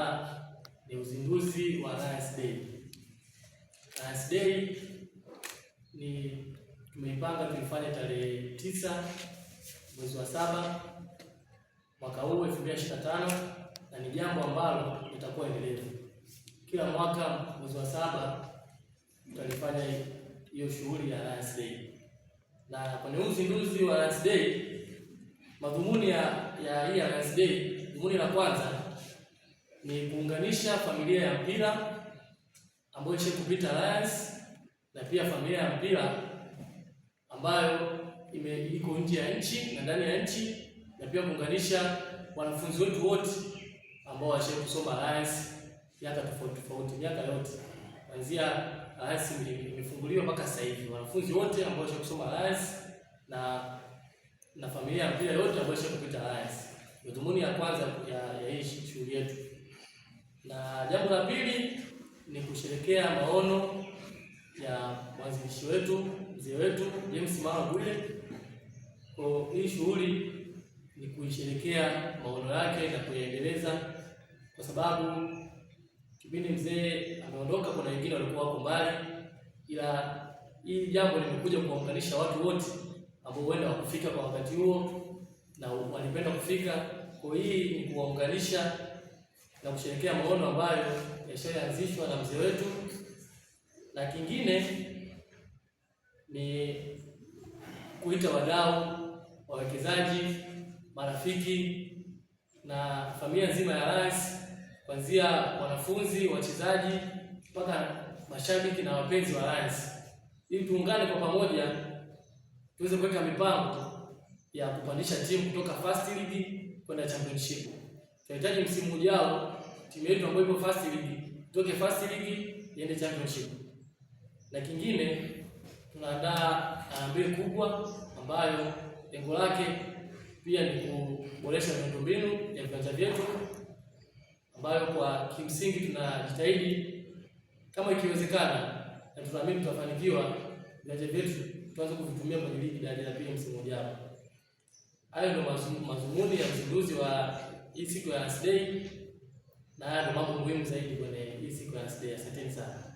kadhaa ni uzinduzi wa Lions Day. Lions Day ni tumeipanga tuifanye tarehe tisa mwezi wa saba mwaka huu 2025 na ni jambo ambalo litakuwa endelevu. Kila mwaka mwezi wa saba tutalifanya hiyo shughuli ya Lions Day, na kwenye uzinduzi wa Lions Day, madhumuni ya ya hii Lions Day, dhumuni la kwanza ni kuunganisha familia ya mpira ambayo ishakupita Alliance na pia familia ya mpira ambayo ime iko nje ya nchi na ndani ya nchi, na pia kuunganisha wanafunzi wetu wote ambao washe kusoma Alliance miaka tofauti tofauti, miaka yote kuanzia Alliance imefunguliwa mpaka sasa hivi, wanafunzi wote ambao washe kusoma Alliance na na familia ya mpira yote washe kupita Alliance Ndio dhumuni ya kwanza ya, ya hii shughuli yetu. Na jambo la pili ni kusherekea maono ya mwanzilishi wetu mzee wetu James Mara Bwile. Kwa hii shughuli ni kuisherekea maono yake na kuyaendeleza, kwa sababu kipindi mzee ameondoka, kuna wengine walikuwa wako mbali, ila hili jambo limekuja kuwaunganisha watu wote ambao huenda wakufika kwa wakati huo na walipenda kufika. Kwa hii ni kuwaunganisha na kusherekea maono ambayo yashaanzishwa na mzee wetu, na kingine ni kuita wadau, wawekezaji, marafiki na familia nzima ya Alliance kuanzia wanafunzi, wachezaji mpaka mashabiki na wapenzi wa Alliance, ili tuungane kwa pamoja tuweze kuweka mipango ya kupandisha timu kutoka first league kwenda championship. Tunahitaji msimu ujao timu yetu ambayo ipo first league toke first league iende championship. Na kingine tunaandaa mbili kubwa ambayo lengo lake pia ni kuboresha miundombinu ya viwanja vyetu ambayo kwa kimsingi tunajitahidi kama ikiwezekana, na tunaamini tutafanikiwa, viwanja vyetu tuanze kuvitumia kwenye ligi daraja la pili msimu ujao. Hayo ndio mazumuni ya uzinduzi wa hii siku ya Last Day, na haya ndio mambo muhimu zaidi kwenye hii siku ya Last Day. Asanteni sana.